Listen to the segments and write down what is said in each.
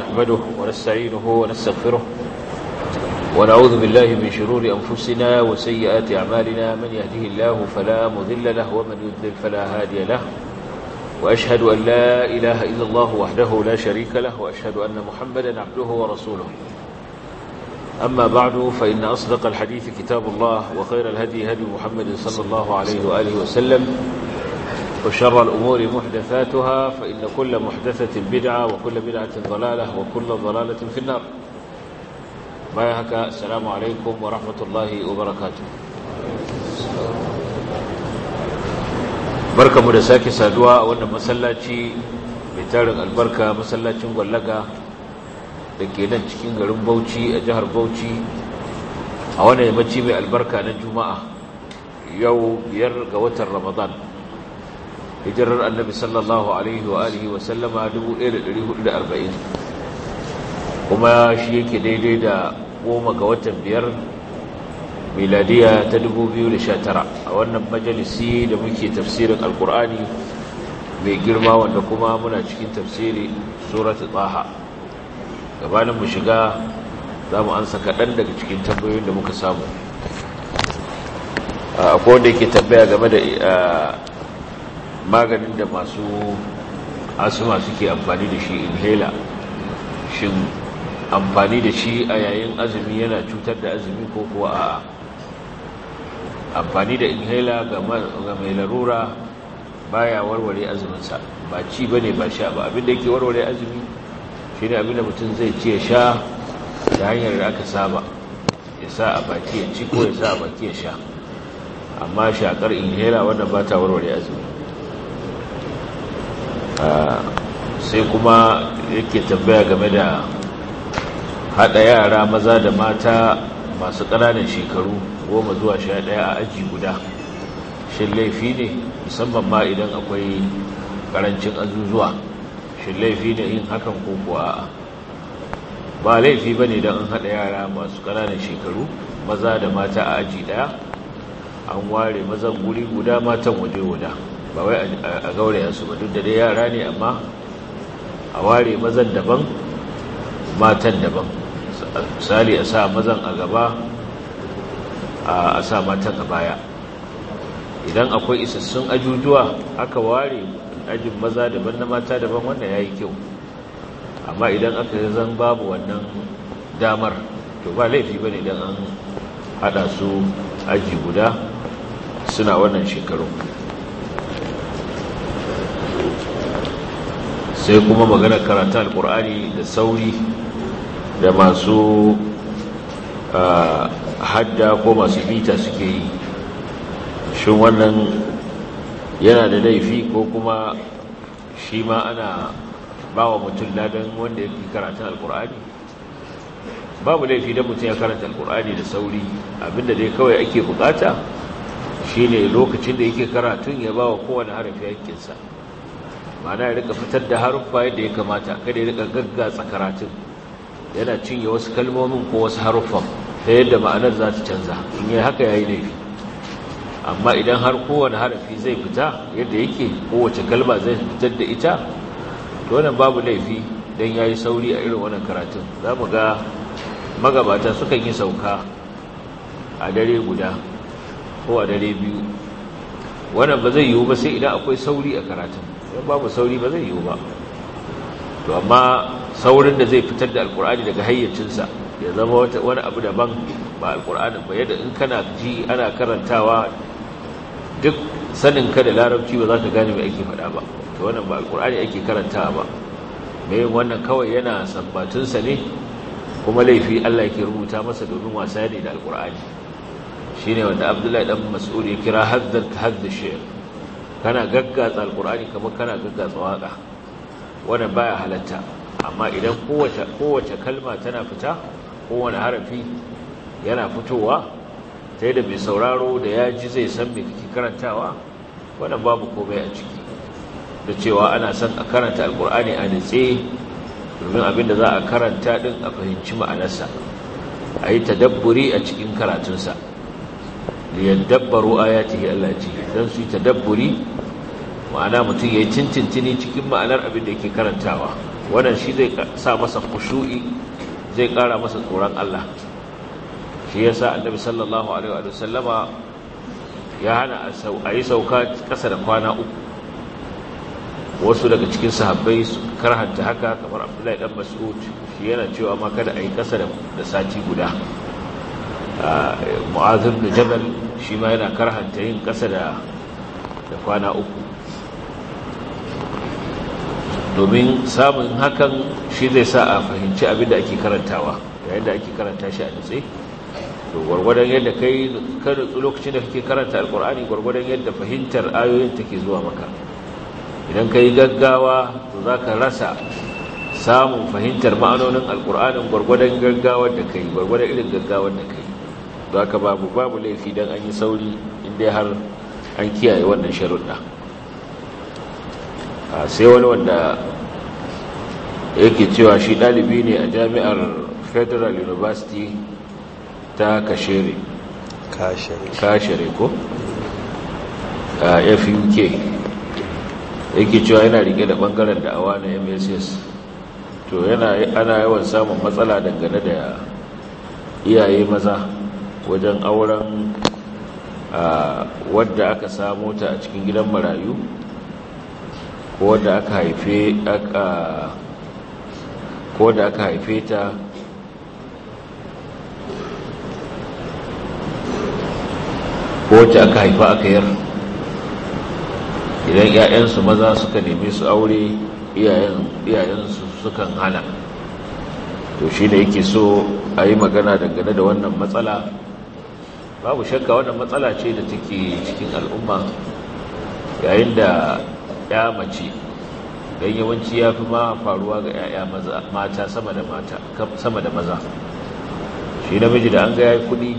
نحمده ونستعينه ونستغفره ونعوذ بالله من شرور أنفسنا وسيئات أعمالنا من يهده الله فلا مذل له ومن يذل فلا هادي له وأشهد أن لا إله إلا الله وحده لا شريك له وأشهد أن محمدا عبده ورسوله أما بعد فإن أصدق الحديث كتاب الله وخير الهدي هدي محمد صلى الله عليه وآله وسلم وشر الأمور محدثاتها فإن كل محدثة بدعة وكل بدعة ضلالة وكل ضلالة في النار بايهك السلام عليكم ورحمة الله وبركاته بركة مدساك سادواء وأن مسلاتي بتارك البركة مسلاتي مغلقة لكي نجكين غلوم بوتي أجهر بوتي أولا يمتي بألبركة نجمعة يو بير قوة رمضان hijirar annabi sallallahu alaihi wa alihi wa sallama 1440 kuma shi yake daidai da goma ga watan biyar miladiya ta 2019 a wannan majalisi da muke tafsirin alkur'ani mai girma wanda kuma muna cikin tafsiri suratu tsaha gabanin mu shiga za mu ansa kaɗan daga cikin tambayoyin da muka samu a kowanda yake tambaya game da maganin da masu asuma suke amfani da shi hela, shin amfani da shi a yayin azumi yana cutar da azumi ko kuwa a amfani da hela ga mai larura baya warware azuminsa ba ci ba ne ba sha ba abinda yake warware azumi shi ne abinda mutum zai ci ya sha da hanyar da aka saba ya sa a baki ya ci ko ya sa a baki ya sha amma shakar inhaler wadda ba ta warware azumi Ah. sai kuma yake tambaya game da haɗa yara maza da mata masu ƙananan shekaru goma zuwa sha ɗaya a aji guda shin laifi ne musamman ma idan akwai ƙarancin azuzuwa shin laifi ne yin hakan ko kuwa ba laifi ba ne don an haɗa yara masu ƙananan shekaru maza da mata a aji ɗaya an ware mazan guri guda matan waje guda ba wai a su ba duk da dai yara ne amma a ware mazan daban matan daban misali a sa mazan a gaba a sa matan a baya idan akwai isassun ajujuwa aka ware ajin maza daban na mata daban wanda ya yi kyau amma idan aka zan babu wannan damar to ba laifi ba ne idan an haɗa su aji guda suna wannan shekaru sai kuma magana karatun alkur'ani da sauri da masu hadda ko masu bita suke yi shi wannan yana da laifi ko kuma shi ma ana ba wa mutum ladan wanda ya fi karatun alkur'ani babu laifi da mutum ya karanta alkur'ani da sauri abinda dai kawai ake bukata shine lokacin da yake karatun ya ba wa kowane harafi yankinsa ma'ana ya rika fitar da haruffa yadda ya kamata kada ya rika gaggatsa karatun yana cinye wasu kalmomin ko wasu haruffan ta yadda ma'anar za ta canza in yi haka ya yi laifi amma idan har kowane harafi zai fita yadda yake kowace kalma zai fitar da ita to wannan babu laifi don ya yi sauri a irin wannan karatun za mu ga magabata sukan yi sauka a dare guda ko a dare biyu wannan ba zai yiwu ba sai idan akwai sauri a karatun yan babu sauri ba zai yiwu ba to amma saurin da zai fitar da alkur'ani daga hayyacinsa ya zama wani abu daban ba alkur'ani ba yadda in kana ji ana karantawa duk sanin ka da larabci ba za ka gane mai ake faɗa ba to wannan ba alkur'ani ake karantawa ba mai wannan kawai yana sabbatunsa ne kuma laifi Allah ke rubuta masa domin wasa ne da alkur'ani shine wanda Abdullahi dan Mas'ud ya kira haddar tahaddish kana gaggatsa alkur'ani kamar kana gaggatsa waka wannan baya halatta amma idan kowace kowace kalma tana fita kowane harafi yana fitowa ta da mai sauraro da ya ji zai san me kake karantawa wannan babu komai a ciki da cewa ana son a karanta alkur'ani a nitse domin abin da za a karanta din a fahimci ma'anarsa a yi tadabburi a cikin karatunsa liyan dabbaru ayatihi Allah ce don su yi tadabburi ma'ana mutum ya yi cincintini cikin ma'anar abin da yake karantawa wannan shi zai sa masa kushu'i zai ƙara masa tsoron Allah shi ya sa annabi sallallahu alaihi wa sallama ya hana a yi sauka ƙasa da kwana uku wasu daga cikin sahabbai su karhanta haka kamar abdullahi dan mas'ud shi yana cewa ma kada a yi ƙasa da sati guda ah, mu'azin da jabal shi ma yana karhanta yin kasa da kwana uku domin samun hakan shi zai sa a fahimci abin da ake karantawa yayin da ake karanta shi a nutse to gwargwadon yadda kai ka lokacin da kake karanta alkur'ani gwargwadon yadda fahimtar ayoyin take zuwa maka idan ka yi gaggawa to za ka rasa samun fahimtar ma'anonin alkur'anin gwargwadon gaggawar da kai gwargwadon irin gaggawar da kai za ka babu babu laifi don an yi sauri inda har an kiyaye wannan sharuɗa sai wani wanda yake cewa shi ɗalibi ne a jami'ar federal university ta kashere kashere ko a fuk yake cewa yana rike da ɓangaren awa na mss to yana ana yawan samun matsala dangane da iyaye maza wajen auren wadda aka samo ta a cikin gidan marayu ko wadda aka haife aka, ko da aka haife ta ko aka haifa aka yar idan 'ya'yansu maza suka nemi su aure iyayensu sukan hana to shi ne yake so a yi magana dangane da wannan matsala babu shakka wannan matsala ce da take cikin al'umma yayin da ya mace don yawanci ya fi ma faruwa ga 'ya'ya mata sama da maza shi namiji da an ga ya kudi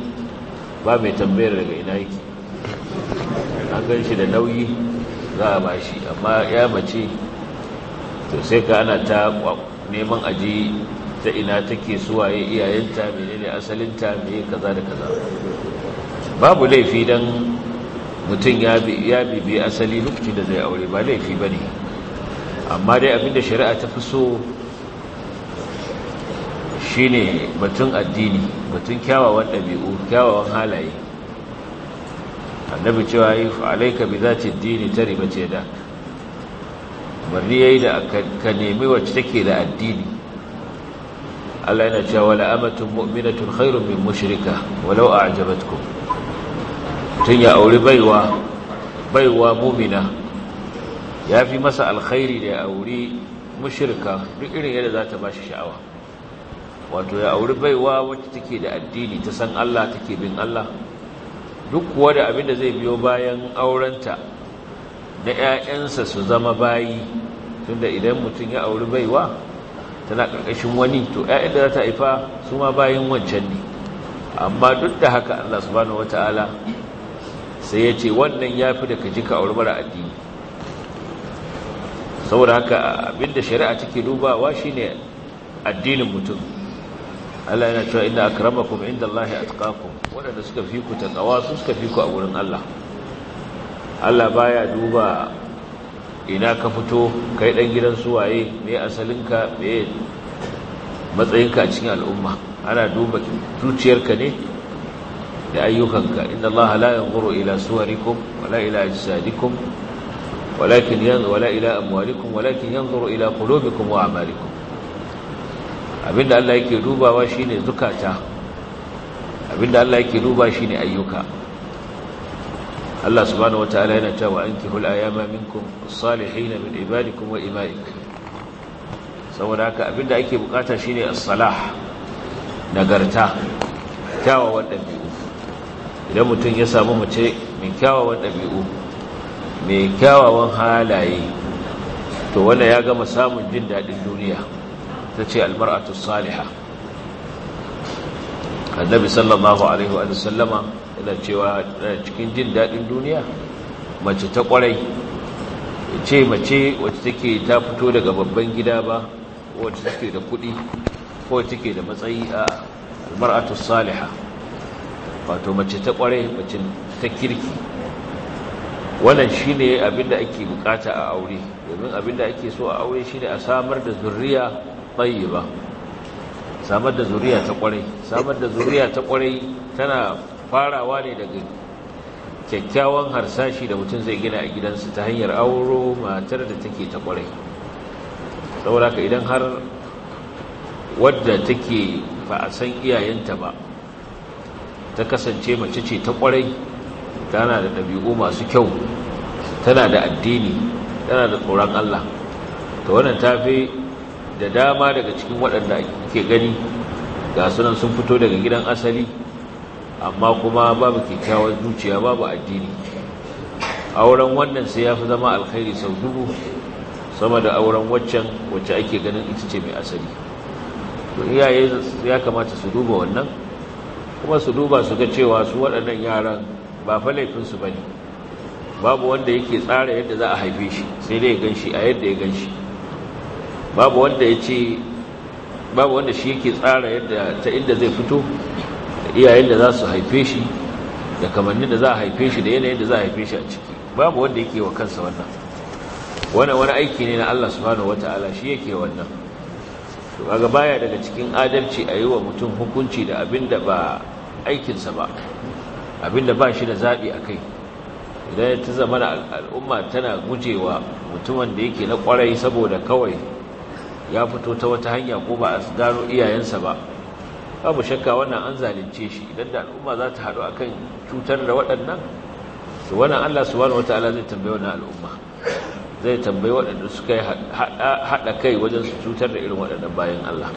ba mai tambayar daga ina yake an gan shi da nauyi za a ba shi amma ya mace to sai ka ana ta neman aji ta ina take suwaye iyayenta menene asalinta me kaza da kaza babu laifi don mutum ya bibi asali lokacin da zai aure ba laifi ba ne amma dai abinda shari'a ta fi so shi ne batun addini batun kyawawan ɗabi'u kyawawan halaye annabi cewa yi fa'alaika bi za ce dini ta riba ce da bari ya yi da ka nemi wacce take da addini Allah yana cewa wala amatun mu'minatun khairun min mushrika walau a a'jabatkum mutum ya auri baiwa baiwa mumina ya fi masa alkhairi da ya auri mushirka duk irin yadda za ta ba shi sha'awa wato ya auri baiwa wacce take da addini ta san Allah take bin Allah duk kuwa da abin da zai biyo bayan aurenta na 'ya'yansa su zama bayi tunda idan mutum ya auri baiwa tana ƙarƙashin wani to 'ya'yan da za ta haifa su ma bayan wancan ne amma duk da haka Allah subhanahu wataala sai ya ce wannan ya fi da ka ji ka auri addini saboda haka abinda shari'a take dubawa ne addinin mutum Allah yana cewa inna akramakum indallahi ku waɗanda suka fi ku takawa su suka fi ku a wurin Allah Allah baya duba ina ka fito kai ɗan gidan suwaye me asalinka me matsayinka a cikin al'umma ana duba zuciyarka ne لأن يخنك إن الله لا ينظر إلى صوركم ولا إلى أجسادكم ولكن ينظر ولا إلى أموالكم ولكن ينظر إلى قلوبكم وأعمالكم abinda Allah yake dubawa shine zukata abinda Allah yake duba shine ayyuka Allah subhanahu wataala yana cewa ankihul ayama minkum as-salihin min ibadikum wa imaik saboda haka abinda ake bukata shine as-salah nagarta kyawawan dabi'u idan mutum ya samu mace mai kyawawan ɗabi'u mai kyawawan halaye to wanda ya gama samun jin daɗin duniya ta ce almar'atu saliha annabi sallallahu alaihi wa sallama yana cewa cikin jin daɗin duniya mace ta ƙwarai Ya ce mace wacce take ta fito daga babban gida ba wacce take da kuɗi ko take da matsayi a almar'atu saliha wato mace ta kware mace ta kirki wannan shine abinda ake bukata a aure domin abinda ake so a aure shine a samar da zuriya tayyiba samar da zuriya ta kwarai samar da zuriya ta kware tana farawa ne daga kyakkyawan harsashi da mutum zai gina a gidansa ta hanyar auro matar da take ta kwarai saboda ka idan har wadda take ba a san iyayenta ba ta kasance mace ce ta kwarai tana da ɗabi'u masu kyau tana da addini tana da tsoron Allah ta wannan tafi da dama daga cikin waɗanda ke gani ga sunan sun fito daga gidan asali amma kuma babu kyakkyawar zuciya babu addini auren wannan sai ya fi zama alkhairi sau dubu sama da auren waccan wacce ake ganin ita ce mai asali to iyaye ya kamata su duba wannan kuma su duba su ga cewa su waɗannan yaran ba fa laifinsu ba ne babu wanda yake tsara yadda za a haife shi sai dai ya gan shi a yadda ya gan shi babu wanda ya ce babu wanda shi yake tsara yadda ta inda zai fito da iyayen da za su haife shi da kamannin da za a haife shi da yanayin da za a haife shi a ciki babu wanda yake wa kansa wannan wannan wani aiki ne na Allah subhanahu wataala shi yake wannan to kaga baya daga cikin adalci a yi wa mutum hukunci da abin da ba aikinsa ba abinda ba shi da zaɓi a kai idan ta zama al'umma tana gujewa mutumin da yake na kwarai saboda kawai ya fito ta wata hanya ko ba a gano iyayensa ba babu shakka wannan an zalunce shi idan da al'umma za ta haɗu akan cutar da waɗannan to wannan Allah subhanahu wataala zai tambaye wannan al'umma zai tambayi waɗanda suka haɗa kai wajen su cutar da irin waɗannan bayan Allah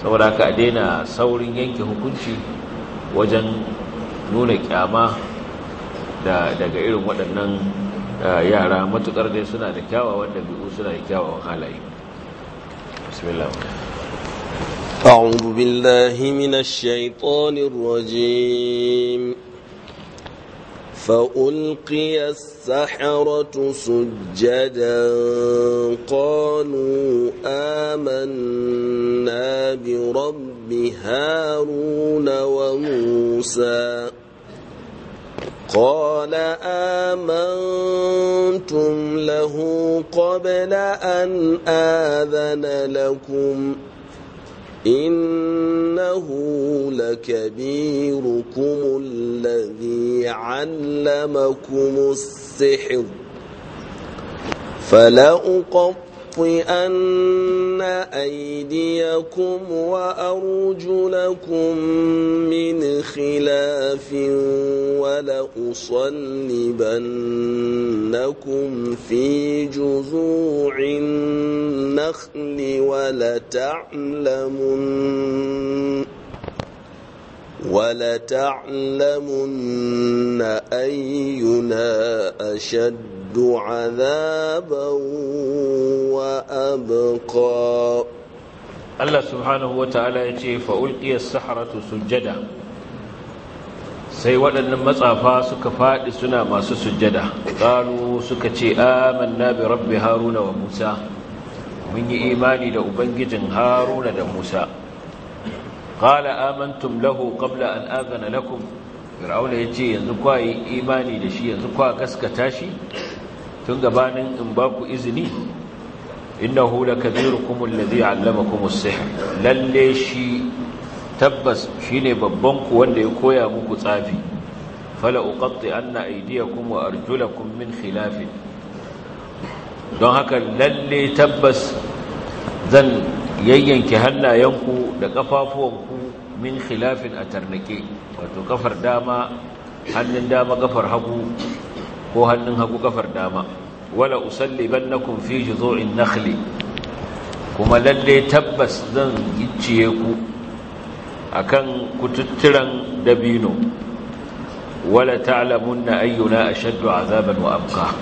saboda haka a daina saurin yanke hukunci wajen nuna kyama da daga irin waɗannan eh, yara matuƙar dai suna da kyawawan ɗabi'u suna da kyawawan halaye bismillah أعوذ بالله من الشيطان الرجيم فألقي السحرة سجدا قالوا آمنا برب هارون وموسى قال آمنتم له قبل أن آذن لكم ۖ إنه لكبيركم الذي علمكم السحر فلا أقطع لأقطئن أيديكم وأرجلكم من خلاف ولأصلبنكم في جذوع النخل ولتعلمن ولتعلمن أينا أشد أشد عذابا وأبقى الله سبحانه وتعالى يجي فألقي السحرة سجدا sai waɗannan matsafa suka faɗi suna masu sujjada ƙalu suka ce amanna bi rabbi haruna wa musa mun yi imani da ubangijin haruna da musa ƙala amantum lahu qabla an agana lakum fir'auna ya ce yanzu kwa yi imani da shi yanzu kwa gaskata shi tun gabanin in ba ku izini innahu lakabirukum alladhi 'allamakum kuma sihr lalle shi tabbas shine babban ku wanda ya koya muku tsafi fala uqatti anna aydiyakum arjula arjulakum min khilaf don haka lalle tabbas zan yayyanke hannayenku da kafafuwanku min khilafin a tarnake wato kafar dama hannun dama kafar hagu ko hannun hagu kafar dama wala usallibannakum fi juzu'in nakhli kuma lalle tabbas zan gicciye ku akan kututturan dabino wala ta'lamunna ayyuna ashaddu azaban wa abqa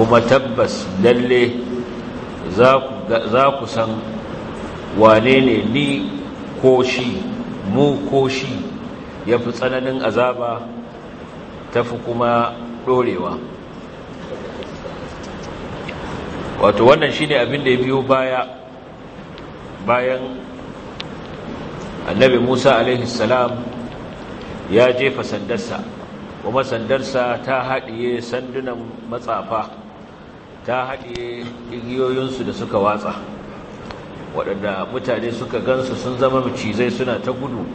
kuma tabbas lalle za ku za ku san wane ne ni ko shi mu ko shi yafi tsananin azaba tafi kuma Ɗorewa, wato wannan shine abin da ya biyo baya bayan annabi Musa alaihi ya jefa sandarsa kuma sandarsa ta haɗiye sandunan matsafa ta haɗiye igiyoyinsu da suka watsa waɗanda mutane suka gansu sun zama macizai suna ta gudu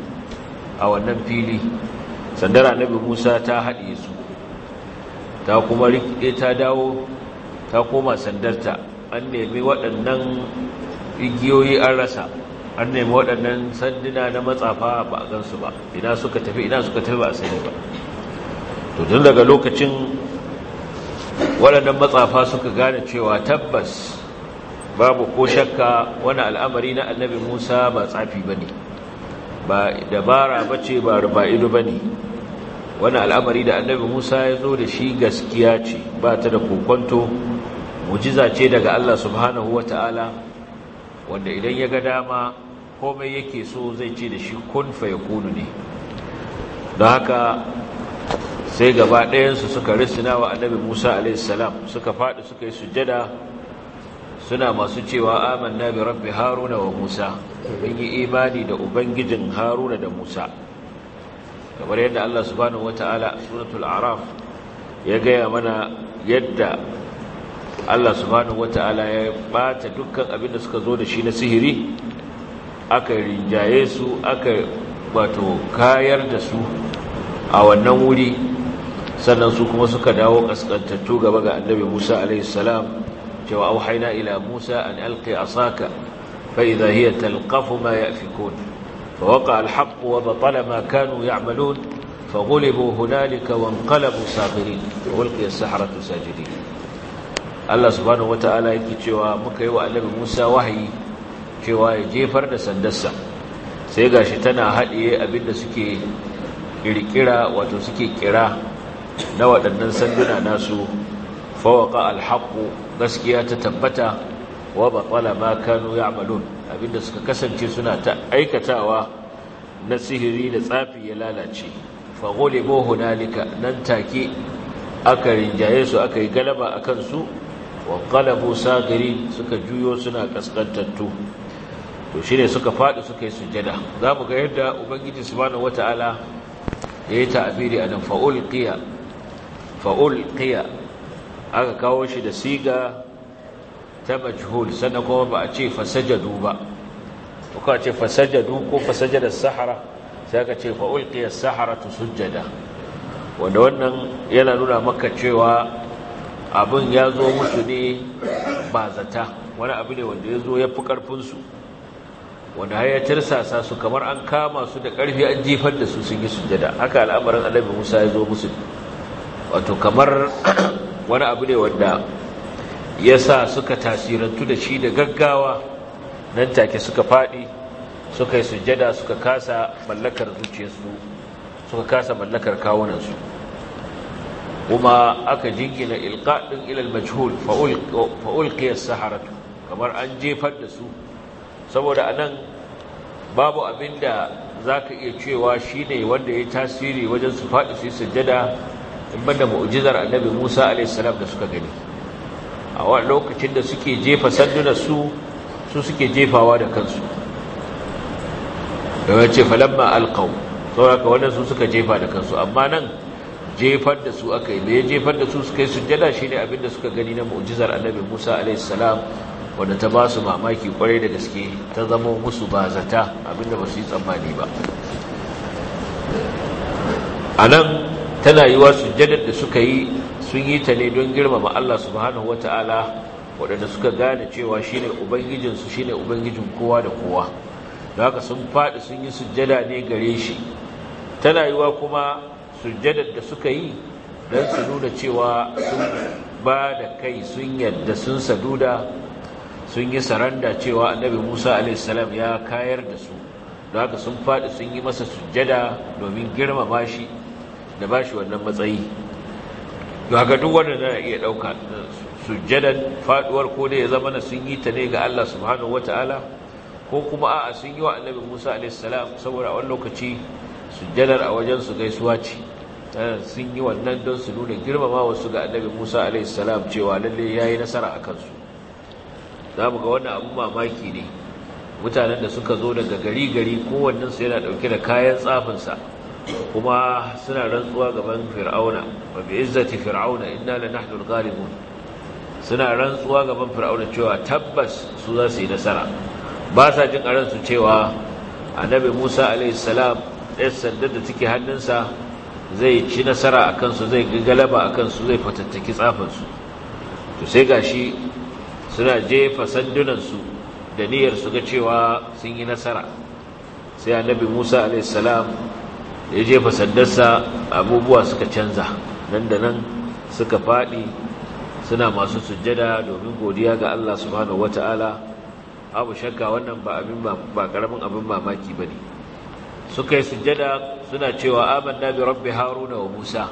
a wannan fili sandar annabi Musa ta haɗiye su ta kuma rike ta dawo ta koma sandarta an nemi waɗannan igiyoyi an rasa an nemi waɗannan sanduna na matsafa ba a gansu ba ina suka tafi ina suka tafi ba a sani ba to tun daga lokacin waɗannan matsafa suka gane cewa tabbas babu ko shakka wani al'amari na annabi musa ba tsafi ba ne ba dabara ba ce ba ido ba ne wani al'amari da annabi musa ya zo da shi gaskiya ce ba ta da kokonto mujiza ce daga allah subhanahu wa ta'ala wanda idan ya ga dama komai yake so zai ce da shi kun kunu ne don haka sai gaba ɗayansu suka risina wa annabi musa alaihissalam suka faɗi suka yi sujjada suna masu cewa amanna bi rabbi haruna wa musa mun yi imani da ubangijin haruna da musa kamar yadda Allah subhanahu wata'ala suratul araf ya gaya mana yadda Allah subhanahu wata'ala ya bata dukkan abin da suka zo da shi na sihiri aka rinjaye su aka wato kayar da su a wannan wuri sannan su kuma suka dawo kaskantattu gaba ga annabi Musa alaihi salam cewa auhayna ila Musa an alqi asaka fa idha hiya talqafu ma yafikun فوقع الحق وبطل ما كانوا يعملون فغلبوا هنالك وانقلبوا صاغرين وألقي السحرة ساجدين الله سبحانه وتعالى yake cewa muka yi wa Annabi Musa wahayi cewa ya jefar da sandarsa sai gashi tana haɗiye abinda suke kirkira wato suke ƙira na waɗannan sanduna nasu fawqa alhaqu gaskiya ta tabbata wa batala ma kanu ya'malun abinda suka kasance suna ta aikatawa na sihiri da tsafi ya lalace fa ghulibu hunalika nan take aka rinjaye su aka yi galaba akan su wa qalabu sagiri suka juyo suna kaskantattu to ne suka faɗi suka yi sujada zamu ga yadda ubangiji subhanahu wataala yayi ta'biri anan fa ulqiya fa ulqiya aka kawo shi da siga ta majhul sannan kuma ba a ce fasajadu ba Kuka ka ce fasajadu ko da sahara sai ka ce fa ulqiya saharatu sujada? wanda wannan yana nuna maka cewa abin ya zo musu ne ba zata wani abu ne wanda ya zo ya fi karfinsu wanda har ya tirsasa su kamar an kama su da ƙarfi an jifar da su sun yi sujada haka al'amarin annabi Musa ya zo musu wato kamar wani abu ne wanda ya sa suka tasirantu da shi da gaggawa nan take suka faɗi suka yi sujjada suka kasa mallakar zuciyarsu suka kasa mallakar kawunansu kuma aka jingina ilqadin ilal majhul fa ulqiya saharatu kamar an jefar da su saboda anan babu abinda zaka iya cewa shine wanda ya tasiri wajen su faɗi su sujjada in banda mu'jizar annabi Musa alaihi salam da suka gani a wani lokacin da suke jefa sanduna su su suke jefawa da kansu da wace falamma alqaw haka wannan su suka jefa da kansu amma nan jefar da su aka yi ya jefar da su suka yi ne abin abinda suka gani na mu'jizar annabi Musa alaihi salam wanda ta ba su mamaki kwarai da gaske ta zama musu bazata abinda ba su yi tsammani ba a nan tana yi wa sujjadar da suka yi sun yi ta ne don girmama Allah subhanahu Ta'ala, waɗanda suka gane cewa shine ubangijinsu shine ubangijin kowa da kowa da haka sun faɗi sun yi sujjada ne gare shi tana yiwa kuma sujjadar da suka yi don su nuna cewa sun ba da kai sun yadda sun saduda sun yi saranda cewa annabi musa alaihissalam ya kayar da su da haka sun faɗi sun yi masa sujjada domin girmama shi da ba shi wannan matsayi haka duk wanda zai iya ɗauka eh, sujjadan faduwar ko da ya zama na sun yi ta ne ga Allah subhanahu wataala ko kuma a sun yi wa annabi Musa alaihissalam saboda a wani lokaci sujjadar a wajen su gaisuwa ce eh, sun yi wannan don su nuna girmama wasu ga annabi Musa alaihissalam cewa lalle yayi nasara a kansu za mu ga wannan abun mamaki ne mutanen da suka zo daga gari gari kowannen yana ɗauke da kayan tsafinsa kuma suna rantsuwa gaban fir'auna wa bi izzati fir'auna inna lanahnu al-ghalibun suna rantsuwa gaban fir'auna cewa tabbas su za su yi nasara ba sa jin a su cewa annabi Musa alayhi salam ɗan sandar da take hannunsa zai ci nasara a kansu zai galaba a kansu zai fatattaki tsafansu to sai gashi suna jefa su da niyyar su ga cewa sun yi nasara sai annabi Musa alayhi salam ya jefa sandarsa abubuwa suka canza nan da nan suka faɗi suna masu sujjada domin godiya ga Allah subhanahu wata'ala abu shakka wannan ba abin ba karamin abin mamaki bane suka yi sujjada suna cewa amanna bi rabbi haruna wa musa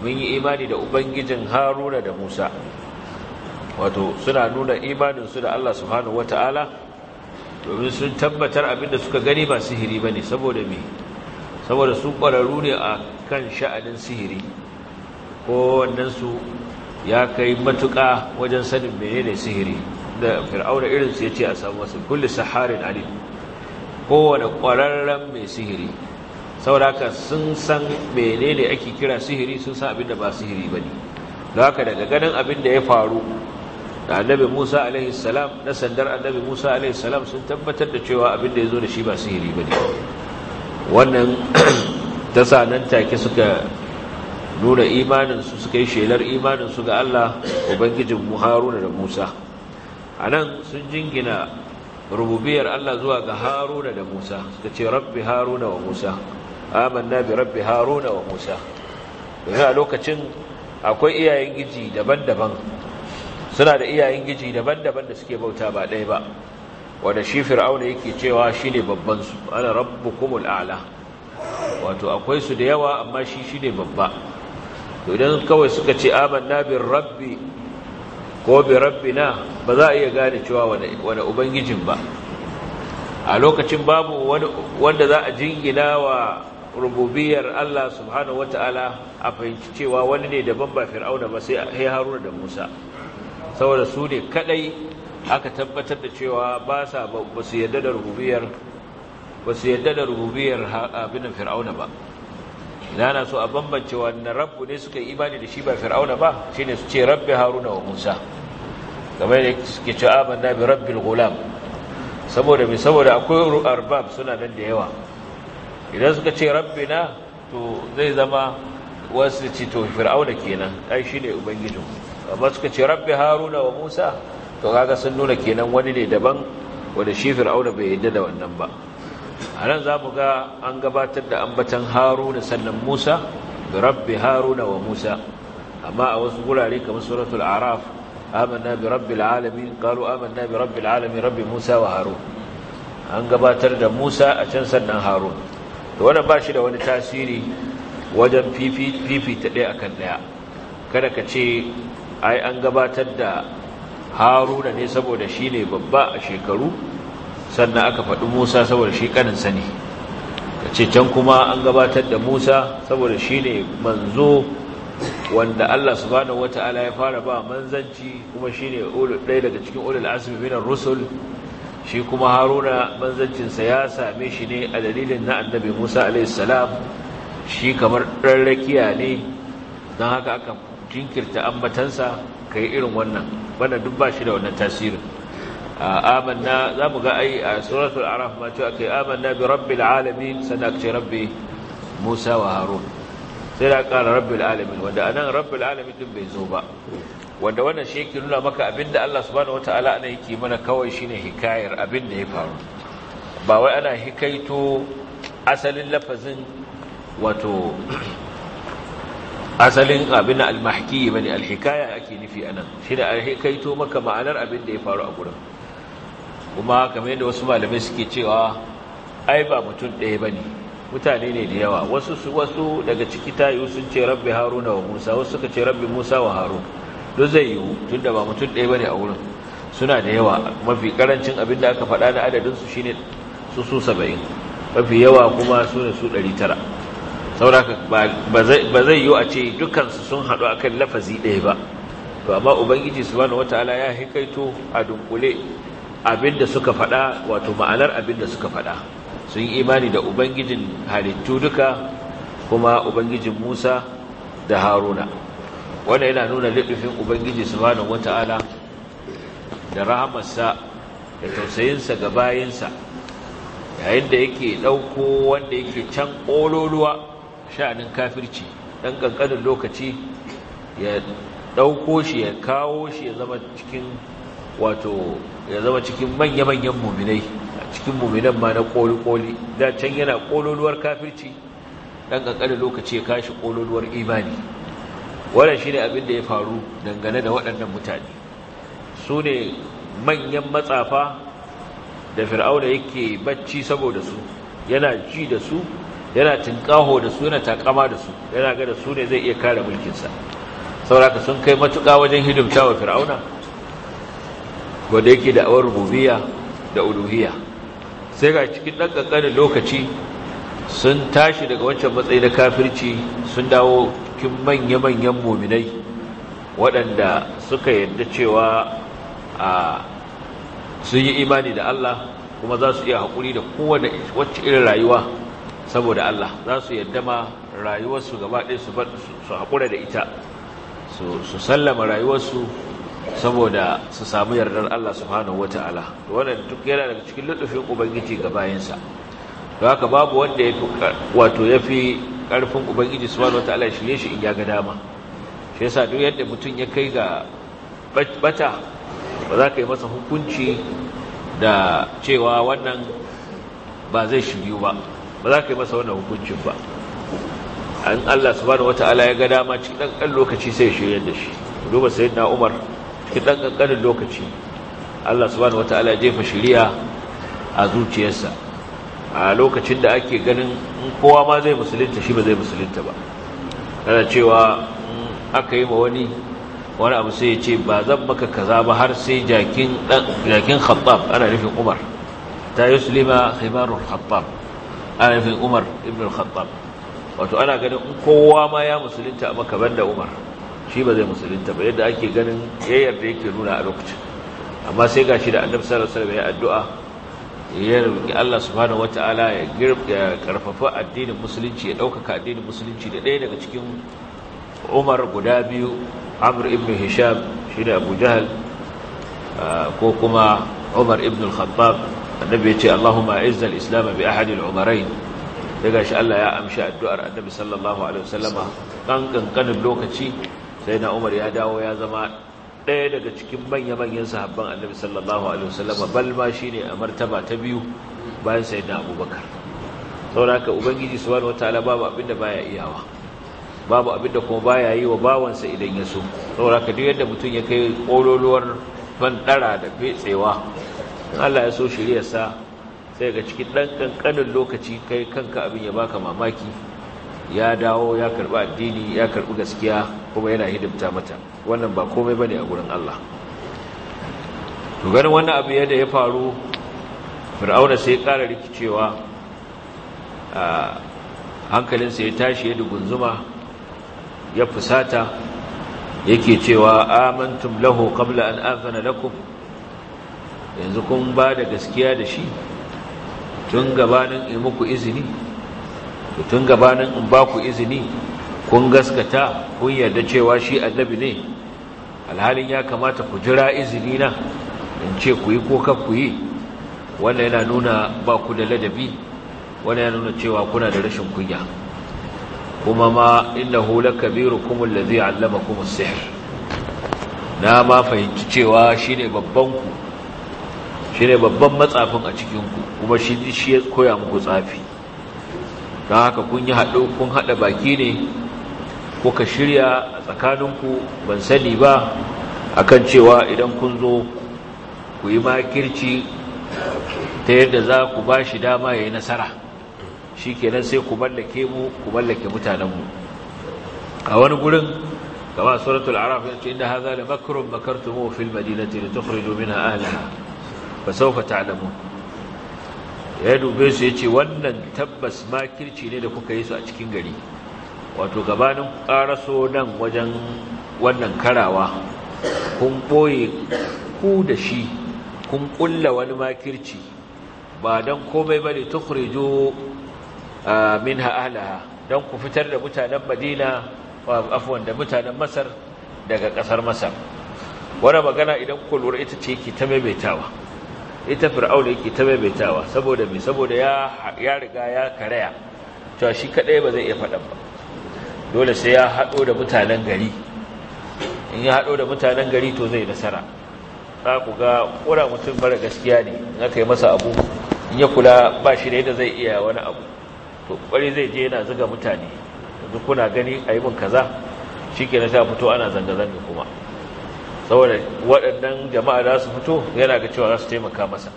mun yi imani da ubangijin haruna da musa wato suna nuna imanin su da Allah subhanahu wata'ala domin sun tabbatar abinda suka gani ba sihiri bane saboda me saboda su ƙwararru ne a kan sha'anin sihiri ko su ya kai matuƙa wajen sanin menene sihiri da fir'auna irinsu ya ce a samu wasu kulle saharin alim kowane ƙwararren mai sihiri sauraka sun san menene ake kira sihiri sun san abin da ba sihiri ba ne da haka daga ganin abin da ya faru da annabi musa alaihissalam na sandar annabi musa alaihissalam sun tabbatar da cewa abin da ya zo da shi ba sihiri ba ne wannan ta sa nan take suka nuna imaninsu suka yi shelar imaninsu ga Allah ubangijin haruna da musa a nan sun jingina rububiyar Allah zuwa ga haruna da musa suka ce rabbi haruna wa musa amanna bi rabbi haruna wa musa yana lokacin akwai iyayen giji daban-daban suna da iyayen giji daban-daban da suke bauta ba ɗaya ba wanda shi fir'auna yake cewa shine babban su ana rabbukumul a'la wato akwai su da yawa amma shi shine babba to idan kawai suka ce amanna bir rabbi ko bi rabbina ba za a iya gane cewa wani ubangijin ba a lokacin babu wanda za a jingina wa rububiyar Allah subhanahu wata'ala a fahimci cewa wani ne daban ba fir'auna ba sai haruna da musa saboda su ne kadai aka tabbatar da cewa ba sa ba su yadda da rububiyar ba yadda da rububiyar abin fir'auna ba Ina na so a bambance wannan rabbu ne suka yi imani da shi ba fir'auna ba shine su ce rabbi haruna wa musa kamar da suke ce bi rabbil gulam saboda mai saboda akwai arbab suna nan da yawa idan suka ce na to zai zama wasu ci to fir'auna kenan ai shine ubangijin amma suka ce rabbi haruna wa musa to kaga sun nuna kenan wani ne daban wanda shi fir'auna bai yadda da wannan ba a nan za mu ga an gabatar da ambatan haruna sannan musa ga rabbi haruna wa musa amma a wasu gurare kamar suratul araf amanna bi rabbil alamin qalu amanna bi rabbil alamin rabbi musa wa harun an gabatar da musa a can sannan harun to wannan ba shi da wani tasiri wajen fifi ta ɗaya akan ɗaya kada ka ce ai an gabatar da haruna ne saboda shi ne babba a shekaru sannan aka faɗi musa saboda shi ƙaninsa ne ka ce can kuma an gabatar da musa saboda shi ne manzo wanda allah su wata ala ya fara ba manzanci kuma shi ne ɗaya daga cikin ulul asibi minar rusul shi kuma haruna manzancinsa ya same shi ne a dalilin na annabi musa alaihissalam shi kamar ɗan rakiya ne don haka aka jinkirta ambatansa ka irin wannan wannan duk ba shi da wannan tasirin amanna za mu ga ai a suratul araf ma ce kai amanna bi rabbil alamin sannan ce rabbi musa wa harun sai da ƙara rabbil alamin wanda anan rabbil alamin din bai zo ba wanda wannan shi yake nuna maka abinda Allah subhanahu wataala ana yake mana kawai shine hikayar abinda ya faru ba wai ana hikaito asalin lafazin wato asalin abin almahki bane alhikaya ake nufi anan shine alhikaito maka ma'anar abin da ya faru a gurin kuma kamar yadda wasu malamai suke cewa ai ba mutum ɗaya bane mutane ne da yawa wasu su wasu daga ciki tayu sun ce rabbi haruna wa musa wasu suka ce rabbi musa wa harun duk zai yiwu tunda ba mutum ɗaya bane a wurin suna da yawa mafi karancin abin da aka faɗa na adadinsu shine su su saba'in mafi yawa kuma su ne su ɗari tara saboda ba zai yiwu a ce dukansu sun haɗu a kan lafazi ɗaya ba to amma ubangiji subhanahu wataala ya hikaito a dunkule abinda suka faɗa wato ma'anar abinda suka faɗa sun yi imani da ubangijin halittu duka kuma ubangijin Musa da Haruna wanda yana nuna lidufin ubangiji subhanahu wataala da rahamarsa da tausayinsa ga bayinsa yayin da yake ɗauko wanda yake can ƙololuwa sha'anin kafirci ɗan ƙanƙanin lokaci ya ɗauko shi ya kawo shi ya zama cikin wato ya zama cikin manya-manyan muminai a cikin muminan ma na koli-koli da can yana kololuwar kafirci ɗan ƙanƙanin lokaci ya kashi kololuwar imani wannan shi ne abin da ya faru dangane da waɗannan mutane su ne manyan matsafa da fir'auna yake bacci saboda su yana ji da su yana tinkaho da su yana takama da su yana ga da su ne zai iya kare mulkinsa sauraka sun kai matuƙa wajen hidimta wa fir'auna wanda yake da awar rububiya da uluhiyya sai ga cikin ɗan ƙanƙanin lokaci sun tashi daga wancan matsayi na kafirci sun dawo kin manya-manyan muminai waɗanda suka yarda cewa a sun yi imani da Allah kuma za su iya haƙuri da kowane wacce irin rayuwa saboda Allah za su yadda ma rayuwarsu gaba ɗaya su haƙura da ita su sallama rayuwarsu saboda su samu yardar Allah subhanahu wata'ala wannan duk yana daga cikin lutsufin ubangiji ga bayansa to haka babu wanda yafi wato ya fi ubangiji subhanahu wata'ala ya ne shi in ya ga dama shi yasa duk yadda mutum ya kai ga bata ba za ka yi masa hukunci da cewa wannan ba zai shiryu ba ba za ka yi masa wannan hukuncin ba an Allah subhanahu wata'ala ya ga dama cikin ɗan ƙan lokaci sai ya shirya da shi duba sai na umar cikin ɗan ƙanƙanin lokaci Allah subhanahu wata'ala ya jefa shiriya a zuciyarsa a lokacin da ake ganin kowa ma zai musulunta shi ba zai musulunta ba kana cewa aka yi ma wani wani abu sai ya ce ba zan maka kaza ba har sai jakin jakin khattab ana nufin umar ta yuslima khimarul khattab ainihin umar ibn al-khattab wato ana ganin kowa ma ya musulunta a makaban da umar shi ba zai musulunta ba yadda ake ganin yayyar da yake nuna a lokacin amma sai ga shi da annabi sallallahu alaihi addu'a ya roki Allah subhanahu wataala ya karfafa addinin musulunci ya ɗaukaka addinin musulunci da daya daga cikin umar guda biyu amr ibn hisham shi da abu jahal ah, ko kuma umar ibn al-khattab annabi ya ce Allahumma a'izz al-islam bi ahadi al-umarain daga shi Allah ya amshi addu'ar annabi sallallahu alaihi wasallama kan kankanin lokaci sai na Umar ya dawo ya zama ɗaya daga cikin manya-manyan sahabban annabi sallallahu alaihi wasallama bal ma shine a martaba ta biyu bayan sayyidina Abubakar saboda haka ubangiji subhanahu wataala babu abinda baya iyawa babu abinda kuma baya yi wa bawansa idan ya so saboda duk yadda mutum ya kai kololuwar ban dara da fetsewa in Allah ya so shiryarsa sai ga cikin ɗan ƙanƙanin lokaci kai kanka abin ya baka mamaki ya dawo ya karɓi addini ya karɓi gaskiya kuma yana hidimta mata wannan ba komai ba ne a gurin Allah to ganin wannan abu yadda ya faru fir'auna sai ya ƙara rikicewa a hankalinsa ya tashi ya dugunzuma ya fusata yake cewa amantum lahu qabla an azana lakum yanzu kun ba da gaskiya da shi tun gabanin in muku izini tun gabanin in ba ku izini kun gaskata kun yarda cewa shi annabi ne alhalin ya kamata ku jira izini na in ce ku yi ko kan ku yi wannan yana nuna ba ku da ladabi wannan yana nuna cewa kuna da rashin kunya kuma ma kabiru kuma allazi allama kuma sihir na ma fahimci cewa shine babban ku shi ne babban matsafin a cikinku kuma shi ya koya muku tsafi don haka kun yi haɗu kun haɗa baki ne kuka shirya a tsakaninku ban sani ba a kan cewa idan kun zo ku yi makirci ta yadda za ku ba shi dama ya yi nasara shi kenan sai ku mallake mu ku mallake mutanenmu a wani gurin kama suratul araf ya ce inda haza da makarun makartumo fil madinati da domin minha ala. fa sawfa ya dube su yace wannan tabbas makirci ne da kuka yi su a cikin gari wato gabanin karaso nan wajen wannan karawa kun ɓoye ku da shi kun ƙulla wani makirci ba dan komai bane tukhrijo min ahlaha dan ku fitar da mutanen Madina afwan da mutanen Masar daga ƙasar Masar wannan magana idan ku lura ita ce ke ta maimaitawa ita fir'auna yake ta maimaitawa saboda me saboda ya riga ya karaya to shi kadai ba zai iya faɗan ba dole sai ya haɗo da mutanen gari in ya haɗo da mutanen gari to zai nasara za ku ga ƙura mutum mara gaskiya ne in aka yi masa abu in ya kula ba shi da yadda zai iya wani abu to ƙwari zai je yana zuga mutane yanzu kuna gani a yi min kaza shi ke na sha fito ana zanga-zanga kuma saboda waɗannan jama'a za su fito yana ga cewa za su taimaka masa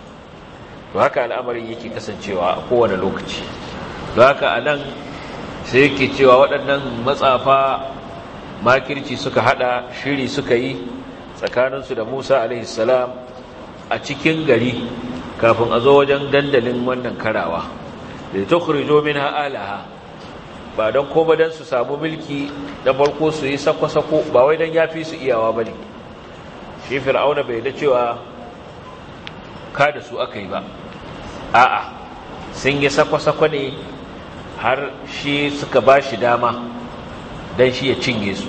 to haka al'amarin yake kasancewa a kowane lokaci don haka a nan sai yake cewa waɗannan matsafa makirci suka hada shiri suka yi tsakaninsu da musa alaihissalam a cikin gari kafin a zo wajen dandalin wannan karawa da ta ha'a min ha'alaha ba don koma don su samu milki na farko su yi sako-sako ba wai don ya fi su iyawa ba ne shi fir'auna bai da cewa ka da su aka yi ba a'a sun yi sakwa ne har shi suka ba shi dama don shi ya cinye su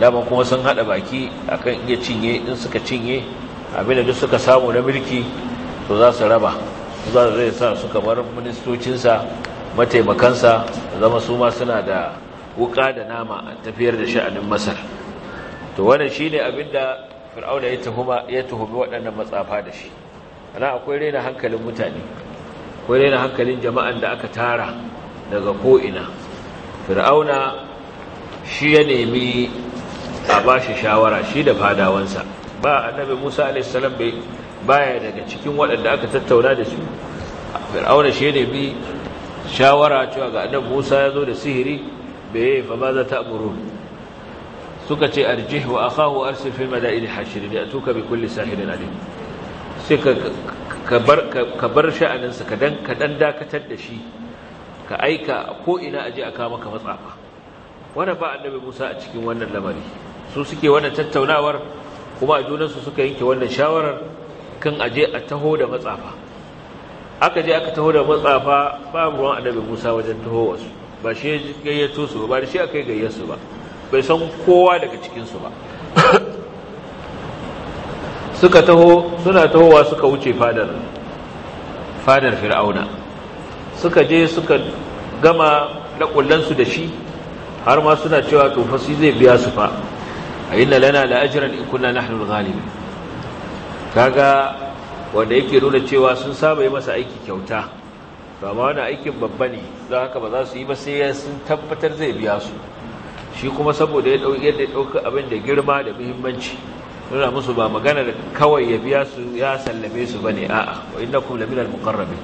dama kuma sun haɗa baki akan iya cinye in suka cinye abinda duk suka samu na mulki to za su raba za su zai sa su kamar ministocinsa mataimakansa zama su ma suna da wuka da nama a tafiyar da sha'anin masar to shi shine abinda fir'auna ya tuhuma ya tuhumi waɗannan matsafa da shi ana akwai raina hankalin mutane akwai raina hankalin jama'an da aka tara daga ko'ina fir'auna shi ya nemi a ba shi shawara shi da fadawansa ba annabi musa alaihissalam bai baya daga cikin waɗanda aka tattauna da su fir'auna shi ya nemi shawara cewa ga annabi musa ya zo da sihiri bai yi fa ba za ta amuru suka ce arjih wa akahu arsil fi madaini hashirin ya tuka bi kulli sahirin alim sai ka bar sha'aninsa ka kadan dakatar da shi ka aika ko ina aje a maka matsafa wanda ba annabi Musa a cikin wannan lamari su suke wannan tattaunawar kuma a junansu suka yanke wannan shawarar kan aje a taho da matsafa aka je aka taho da matsafa ba ruwan annabi Musa wajen taho wasu ba shi gayyato su ba da shi aka yi gayyato su ba bai san kowa daga cikinsu ba suka taho suna tahowa suka wuce fadar fadar fir'auna suka je suka gama laƙullansu da shi har ma suna cewa to zai biya su fa a inna lana la ajran in kunna nahnu kaga wanda yake nuna cewa sun saba yi masa aiki kyauta to amma aikin babba ne za haka ba za su yi ba sai sun tabbatar zai biya su shi kuma saboda ya ɗauki yadda ya ɗauki abin da girma da muhimmanci nuna musu ba magana da kawai ya biya su ya sallame su ba ne, a'a wa innakum laminal muqarrabin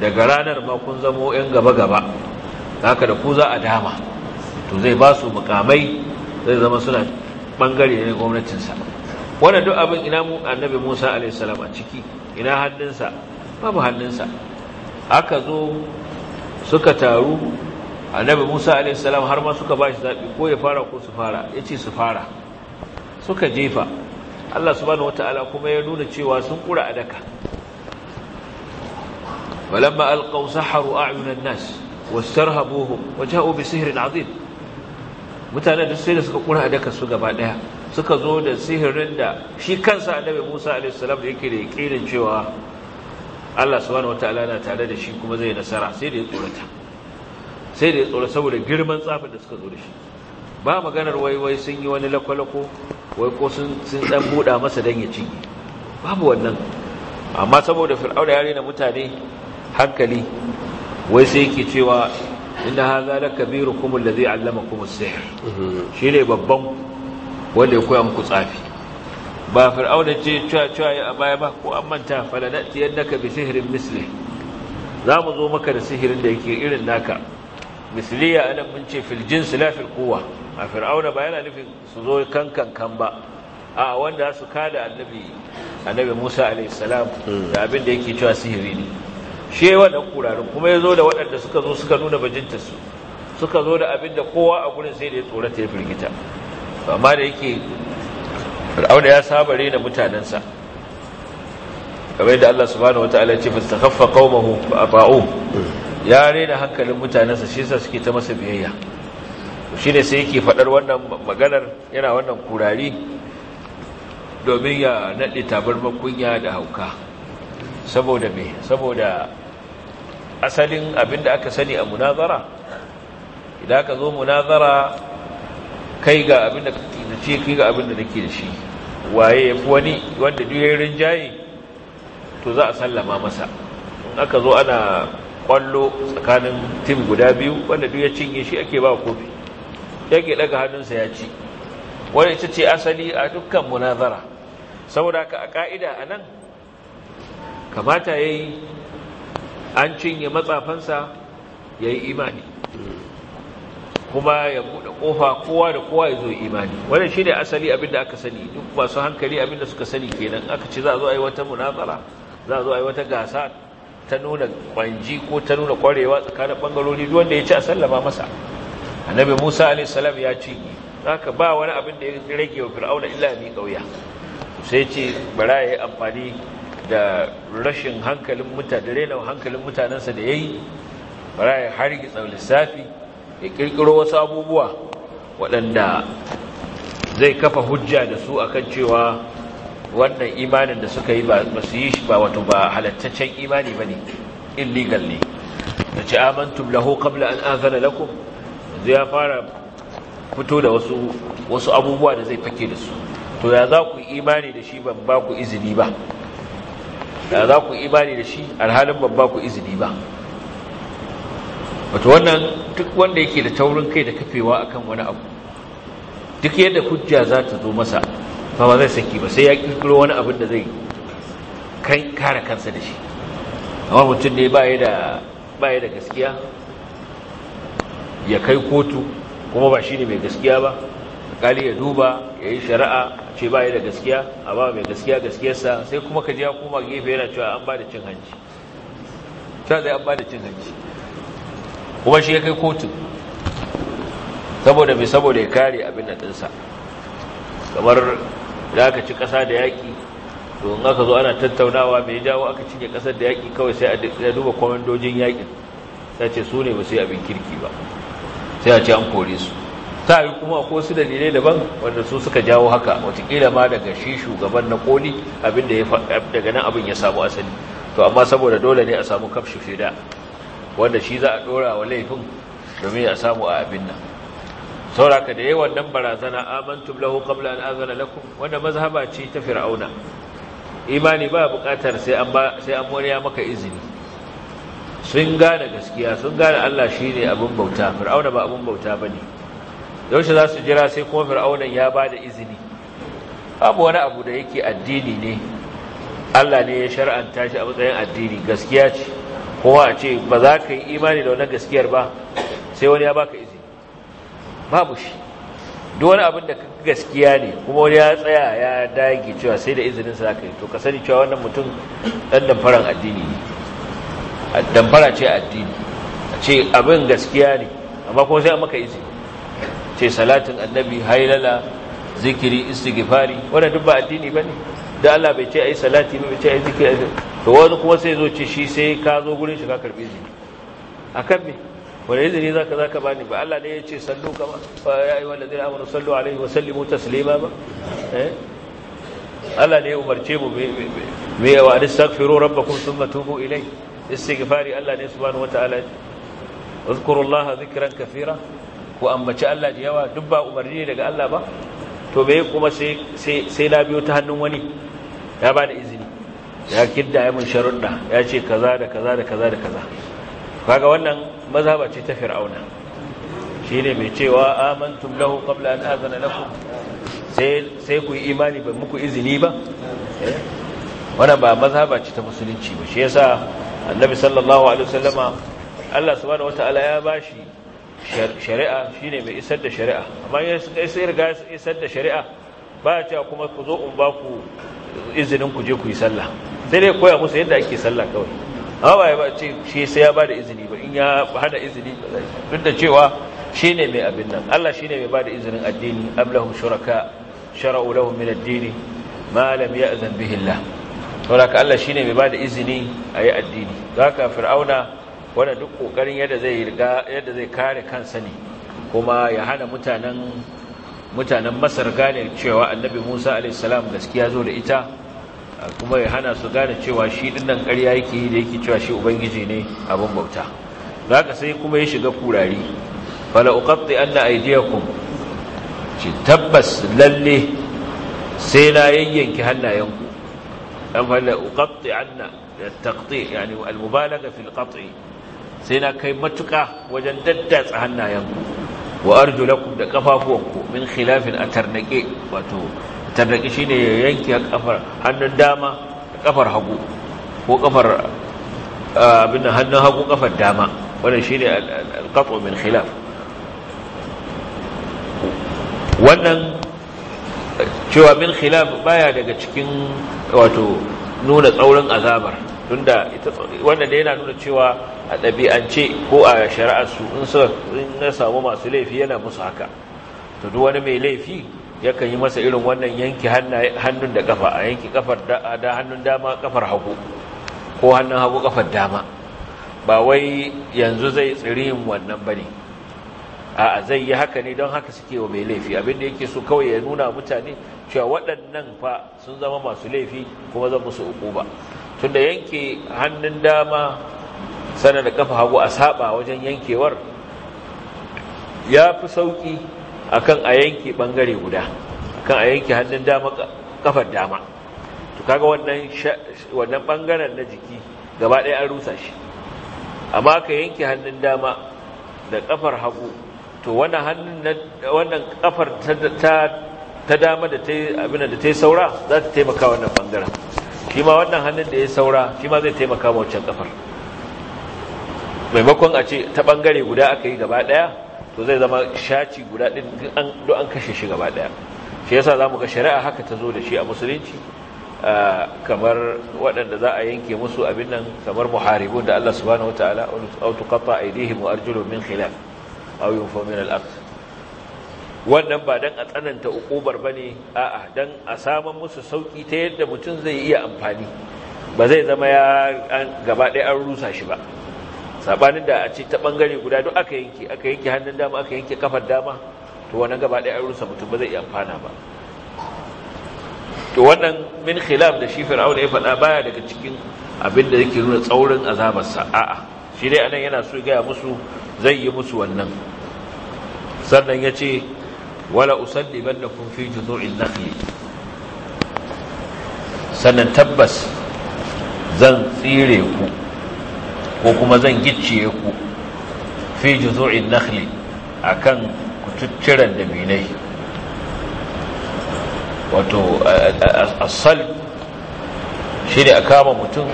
daga ranar ma kun zamo yan gaba gaba haka da ku za a dama to zai ba su mukamai zai zama suna bangare ne gwamnatinsa wannan duk abin ina mu annabi Musa alaihi a ciki ina hannunsa babu hannunsa aka zo suka taru annabi musa alaihissalam har ma suka ba shi zaɓi ko ya fara ko su fara ya ce su fara suka jefa allah subhanahu ta'ala kuma ya nuna cewa sun kura a daka walamma alqaw saharu a'yunan nas wastarhabuhum waja'u bi sihirin azim mutanen da sai da suka kura a daka su gaba ɗaya suka zo da sihirin da shi kansa annabi Musa alaihi salam da yake da yakinin cewa Allah subhanahu ta'ala na tare da shi kuma zai nasara sai da ya tsorata sai da ya tsoro saboda girman tsafin da suka zo da shi ba maganar waiwai sun yi wani lakwalako wai ko sun ɗan buɗa masa don ya cinye babu wannan amma saboda fir'auna ya rena mutane hankali wai sai yake cewa inda haza da kabiru kuma da zai allama kuma sihir shi ne babban wanda ya koya muku tsafi ba fir'auna ce cewa ya a baya ba ko an manta falanati yadda ka bi sihirin misli za mu zo maka da sihirin da yake irin naka misliya alam mun ce fil jins la a fir'auna ba yana nufin su zo kankan ba a wanda su kada annabi annabi Musa alaihi salam da abin da yake cewa sihiri ne she wannan kurarin kuma yazo da waɗanda suka zo suka nuna bajinta su suka zo da abin da kowa a gurin sai da ya tsorata ya firgita amma da yake fir'auna ya saba rena mutanensa kamar yadda Allah subhanahu wataala ya ce fastakhaffa qaumahu fa ata'u ya da hankalin mutanensa shi sa suke ta masa biyayya shi ne sai yake faɗar wannan maganar yana wannan kurari domin ya naɗe tabar kunya da hauka saboda me saboda asalin abinda aka sani a munazara idan aka zo munazara kai ga abinda da ce kai ga abinda nake da shi waye ya fi wani wanda duk yayin rinjaye to za a sallama masa in aka zo ana kwallo tsakanin tim guda biyu wanda duk ya cinye shi ake ba kofi yake daga hannunsa ya ci wanda ita ce asali a dukkan munazara saboda ka a ka'ida a nan kamata ya yi an cinye matsafansa ya yi imani kuma ya buɗe ƙofa kowa da kowa ya zo imani Wani shi ne asali abinda aka sani duk masu hankali abinda suka sani kenan aka ce za a zo a yi wata munazara za a zo a yi wata gasa ta nuna kwanji ko ta nuna kwarewa tsakanin bangarori duk wanda ya ci a sallama masa annabi Musa alaihi salam ya ce zaka ba wani abin da ya rage wa fir'auna illa mi kauya sai ce bara yi amfani da rashin hankalin mutane rena hankalin yi, da yayi bara ya hargitsa lissafi ya ƙirƙiro wasu abubuwa waɗanda zai kafa hujja da su akan cewa wannan imanin da suka yi ba su yi shi ba wato ba halattaccen imani ba ne illegal ne da ce amantum laho qabla an azana lakum yanzu ya fara fito da wasu wasu abubuwa da zai fake da su to ya za ku imani da shi ban ba ku izini ba ya za ku imani da shi alhalin ban ba ku izini ba wato wannan duk wanda yake da taurin kai da kafewa akan wani abu duk yadda hujja za ta zo masa ba ba zai saki ba sai ya kirkiro wani abin da zai kai kare kansa da shi amma mutum ne ba ya da gaskiya ya kai kotu kuma ba shi ne mai gaskiya ba kali ya duba ya yi shari'a ce ba ya da gaskiya a mai gaskiya gaskiyarsa sai kuma ka ji ya koma gefe yana cewa an ba da cin hanci ta zai an ba da cin hanci kuma shi ya kai kotu saboda mai saboda ya kare abin da ɗinsa kamar za ka ci ƙasa da yaƙi to in aka zo ana tattaunawa mai jawo aka cinye ƙasar da yaƙi kawai sai a duba kwamandojin yaƙin sai ce su ne ba yi abin kirki ba sai a ci an kore su ta yi kuma ko su da dalilai daban wanda su suka jawo haka watakila ma daga shi shugaban na koli abinda ya daga nan abin ya samu asali to amma saboda dole ne a samu kafshi fida wanda shi za a ɗora wa laifin domin a samu a abin nan sauraka da yawan nan barazana amantum lahu qabla an azana lakum wanda mazhaba ce ta fir'auna imani ba buƙatar sai an ba sai an moriya maka izini sun gane gaskiya sun gane Allah shine abin bauta fir'auna ba abin bauta bane yaushe za su jira sai kuma fir'auna ya ba da izini babu wani abu da yake addini ne Allah ne ya shar'anta shi a matsayin addini gaskiya ce kowa a ce ba za ka yi imani da wani gaskiyar ba sai wani ya baka izini babu shi duk wani abin da gaskiya ne kuma wani ya tsaya ya dage cewa sai da izinin sa ka yi to ka sani cewa wannan mutum dan damfaran addini ne damfara ce addini a ce abin gaskiya ne amma kuma sai an maka izini ce salatin annabi hailala zikiri istighfari wannan duk ba addini bane da Allah bai ce ai salati ba bai ce ai zikiri to wani kuma sai zo ce shi sai ka zo gurin shi ka karbe shi akan me wani izini za ka za ka bani ba Allah ne ya ce sallu kama ba ya yi wanda zai amuru sallu alaihi wa sallimu taslima ba eh? Allah ne ya umarce mu me ya wa astaghfiru kun thumma tubu ilai istighfari Allah ne subhanahu wataala uzkurullaha dhikran kathira ku ambaci Allah da yawa duk ba umarni ne daga Allah ba to bai kuma sai sai na biyo ta hannun wani ya ba da izini ya kidda ya mun sharuɗa ya ce kaza da kaza da kaza da kaza kaga wannan mazhaba ce ta fir'auna shine mai cewa amantum lahu qabla an azana lakum sai kuyi ku yi imani ba muku izini ba eh? wannan ba mazhaba ce ta musulunci ba shi yasa annabi sallallahu alaihi wasallama Allah subhanahu wataala ya bashi shari'a shine mai isar da shari'a amma sai sai riga isar da shari'a ba ta kuma ku zo in ba ku izinin ku je ku yi sallah sai dai koya musu yadda ake sallah kawai hawa ya ba ce shi sai ya ba da izini ba in ya hada izini duk da cewa shi ne mai abin nan Allah shi ne mai ba da izinin addini ablahu shuraka shara'u lahu min addini ma lam ya'zan bihi Allah saboda Allah shi ne mai ba da izini a yi addini haka fir'auna wanda duk kokarin yadda zai riga yadda zai kare kansa ne kuma ya hana mutanen mutanen Masar gane cewa annabi Musa alaihi salam gaskiya zo da ita kuma ya hana su gane cewa shi dinnan ƙarya yake yi da yake cewa shi ubangiji ne abin bauta zaka sai kuma ya shiga kurari fala uqatti anna aydiyakum ci tabbas lalle sai na yayyanki ku. dan fala uqatti anna da taqti yani al-mubalaga fi al-qat'i sai na kai matuka wajen daddatsa hannayen ku. wa arjulakum da kafafuwanku min khilafin atarnaqi wato shi ne ya yanke kafar hannun dama kafar hagu ko kafar abin hannun hagu kafar dama shi ne alqatu min khilaf wannan cewa min khilaf baya daga cikin wato nuna tsaurin azabar tunda ita wannan da yana nuna cewa a ɗabi'ance ko a shari'ar su in na samu masu laifi yana musu haka to duk wani mai laifi yakan yi masa irin wannan yanki hannun da kafa a yanki kafar da hannun dama kafar hagu ko hannun hagu kafar dama ba wai yanzu zai tsirin wannan ba ne a zai yi haka ne don haka suke wa mai laifi abinda yake so kawai ya nuna mutane cewa waɗannan fa sun zama masu laifi kuma zan musu uku ba tunda yanke hannun dama sanar da kafa hagu a saba wajen yankewar ya fi sauƙi akan a yanki bangare guda akan a yanki hannun dama kafar dama to kaga wannan wannan bangaren na jiki gaba ɗaya an rusa shi amma ka yanki hannun dama da kafar hagu to wannan hannun wannan kafar ta ta dama da ta abin da ta yi saura za ta taimaka wannan bangaren shi ma wannan hannun da ya saura shi ma zai taimaka wancan kafar maimakon a ce ta bangare guda aka yi gaba ɗaya? to zai zama shaci guda ɗin duk an kashe shi gaba ɗaya shi yasa za mu ga shari'a haka ta zo da shi a musulunci kamar waɗanda za a yanke musu abin nan kamar muharibun da Allah subhanahu wataala au tuqatta aydihim wa arjuluhum min khilaf aw yunfa min al-ard wannan ba dan a tsananta ukubar bane a'a dan a saman musu sauki ta yadda mutum zai iya amfani ba zai zama ya gaba ɗaya an rusa shi ba sabanin da a ce ta bangare guda duk aka yanke aka yanke hannun dama aka yanke kafar dama to wannan gaba ɗaya an rusa mutum ba zai iya amfana ba to wannan min khilaf da shi fir'auna ya faɗa baya daga cikin abin da yake nuna tsaurin azabar a'a shi dai anan yana so ga musu zai yi musu wannan sannan ya yace wala bannakum fi juzu'in nakhli sannan tabbas zan tsire ku ko kuma zan gicciye ku fi juzu'in nakhli akan kututturan binai. wato asal shi ne a kama mutum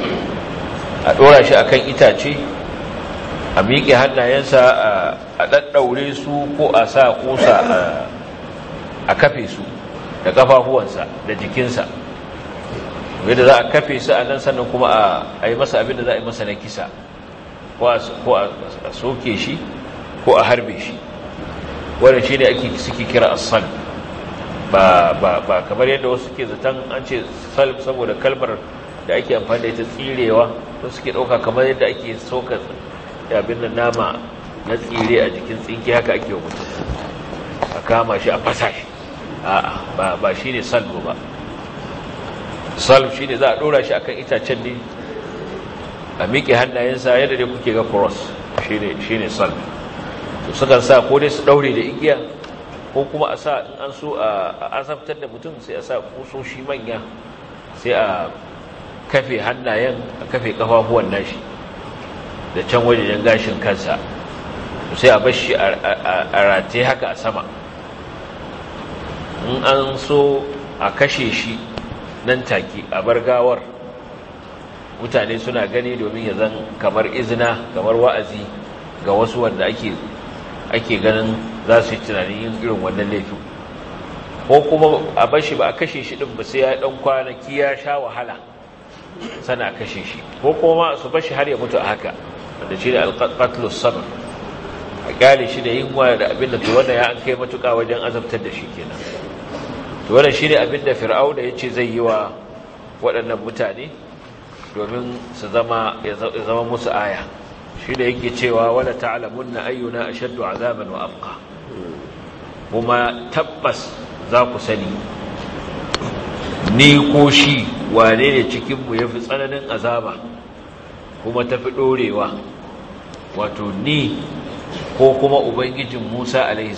a ɗora shi akan itace a miƙe hannayensa a ɗaɗɗaure su ko a sa ƙusa a kafe su da ƙafafuwansa da jikinsa yadda za a kafe su a nan sannan kuma a yi masa abin da za a yi masa na kisa ko a soke shi ko a harbe shi wadda shi ne ake suke kira asal ba kamar yadda wasu ke zaton an ce salim saboda kalmar da ake amfani da ita tsirewa wasu suke ɗauka kamar yadda ake soka abin da nama na tsire a jikin tsinki haka ake wa mutum a kama shi a fasa shi ba shi ne salmu ba salm shi ne za a ɗora shi akan itacen ne a miƙe hannayensa yadda dai kuke ga cross shi ne sal to sukan sa ko dai su ɗaure da igiya ko kuma a sa in an so a azabtar da mutum sai a sa kusoshi manya sai a kafe hannayen a kafe kafafuwan nashi da can wajen gashin kansa sai a bar shi a rataye haka a sama in an so a kashe shi nan take a bar gawar mutane suna gani domin ya zan kamar izina kamar wa'azi ga wasu wanda ake ake ganin za su yi tunanin yin irin wannan laifin ko kuma a shi ba a kashe shi ɗin ba sai ya ɗan kwanaki ya sha wahala sana kashe shi ko kuma su bashi har ya mutu a haka wanda shi da alƙatlus sabar a ƙyale shi da waya da abin da tuwana ya an kai matuƙa wajen azabtar da shi kenan tuwana shi ne abin da fir'auna ya ce zai yi wa waɗannan mutane domin su zama ya zama musu aya shi da yake cewa wala na ayyuna ashaddu azaban wa abqa kuma tabbas za ku sani ni ko shi wane ne cikin mu yafi tsananin azaba kuma tafi dorewa wato ni ko kuma ubangijin Musa alaihi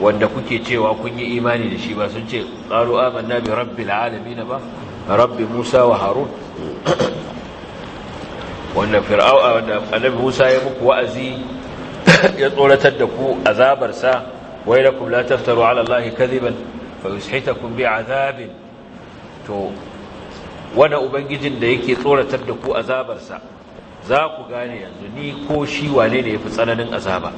wanda kuke cewa kun yi imani da shi ba sun ce qalu amanna bi rabbil na ba rabbi Musa wa Harun wannan a wanda annabi Musa ya muku wa'azi ya tsoratar da ku azabarsa wai lakum la taftaru ala Allah kadiban fa yushitakum azabin. to wanda ubangijin da yake tsoratar da ku azabarsa za ku gane yanzu ni ko shi wane ne yafi tsananin azaba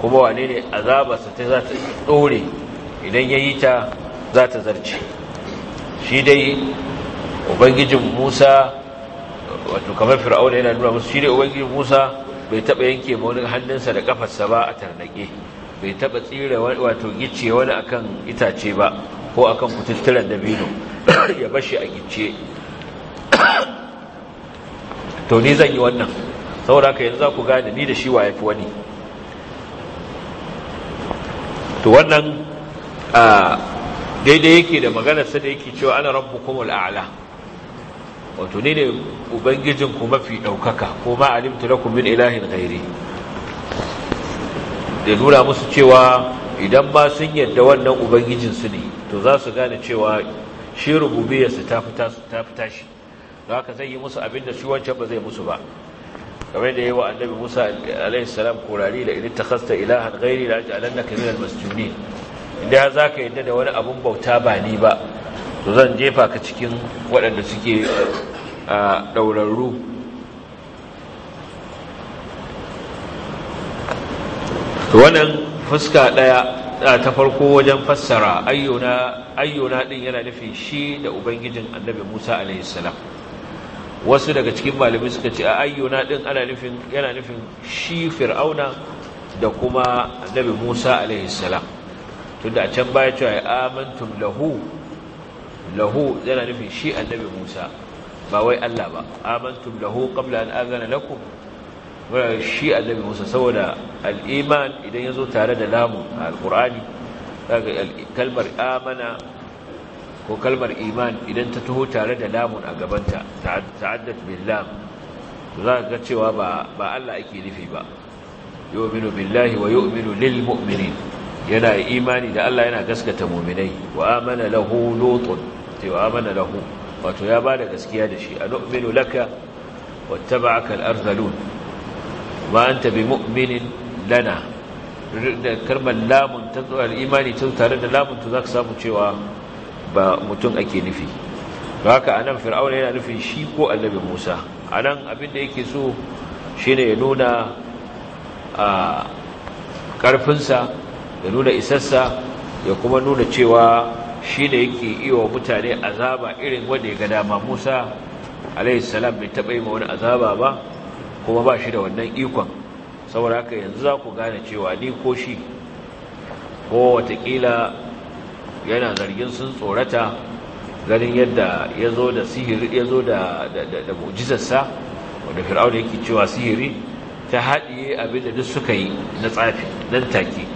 kuma wane ne azabarsa ta za ta dore idan yayi ta za ta zarce shi dai ubangijin musa wato kamar fir'auna yana nuna musu ne ubangijin musa bai taba yanke ba wani hannunsa da kafarsa ba a tarnage. bai taba tsira wato gice wani akan itace ba ko akan kututturen dabino ya bashi a gice to ni zan yi wannan saboda haka yanzu za ku gane ni da shi wa yafi wani to wannan ah, daidai yake da maganarsa da yake cewa ana rabbukumul a'la wato ne ne ubangijin ku mafi ɗaukaka ko ma alimtu lakum min ilahin ghairi da nuna musu cewa idan ba sun yadda wannan ubangijin su ne to za su gane cewa shi rububiyarsu ta fita shi don haka zai yi musu abin da shi wancan ba zai musu ba game da yi wa annabi musa salam kurari da idan ta kasta ilahan gairi da ajiyar annaka minal masjuni inda za ka yadda da wani abun bauta ba ni ba to zan jefa ka cikin waɗanda suke a ɗaurarru wannan fuska ɗaya ta farko wajen fassara ayyuna ɗin yana nufin shi da ubangijin annabi musa alaihissalam wasu daga cikin malami suka ce a ayyuna ɗin yana nufin shi fir'auna da kuma annabi musa alaihissalam tunda a can baya cewa ya lahu lahu yana nufin shi annabi Musa ba wai Allah ba amantum lahu qabla an azana lakum wa shi annabi Musa saboda al-iman idan yazo tare da lamu al-Qur'ani kaga kalmar amana ko kalmar iman idan ta taho tare da lamun a gabanta ta'addat bil lam za ka ga cewa ba ba Allah ake nufi ba yu'minu billahi wa yu'minu lil mu'minin yana imani da Allah yana gaskata muminai wa amana lahu lutun sai wa amana lahu wato ya bada gaskiya da shi anu'minu laka wattaba'aka al-arzalun ma anta bimu'minin lana da kalmar lamun ta zuwa imani ta tare da lamun to zaka samu cewa ba mutum ake nufi haka anan fir'auna yana nufin shi ko annabi Musa anan abin da yake so shine ya nuna a karfinsa da nuna isassa, ya kuma nuna cewa shi ne yake iya wa mutane azaba irin wanda ya ga dama musa alaihissalam bai taɓa yi ma wani azaba ba kuma ba shi da wannan ikon saboda haka yanzu za ku gane cewa ni ko shi ko watakila yana zargin sun tsorata ganin yadda ya zo da sihiri ya zo da mujizarsa wanda fir'auna yake cewa sihiri ta haɗiye abinda duk suka yi na tsafi nan take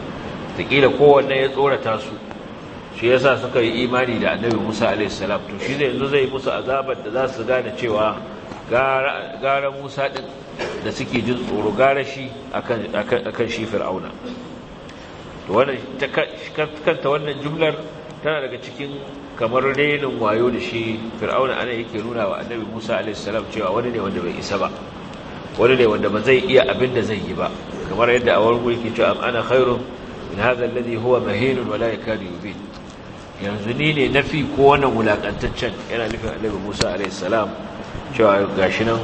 taƙila kowanne ya tsorata su shi sa suka yi imani da annabi musa alaihissalam to shi ne yanzu zai musu azabar da za su gane cewa gara musa ɗin da suke jin tsoro gara shi akan shi fir'auna to wannan kanta wannan jumlar tana daga cikin kamar renin wayo da shi fir'auna ana yake nuna wa annabi musa alaihissalam cewa wani ne wanda bai isa ba wani ne wanda ba zai iya abin da zai yi ba kamar yadda a wani gurki cewa ana khairun min hadha alladhi huwa mahin wa la yakadu yubin yanzu ni ne nafi ko wannan wulakantaccen yana nufin annabi Musa alayhi salam cewa gashi nan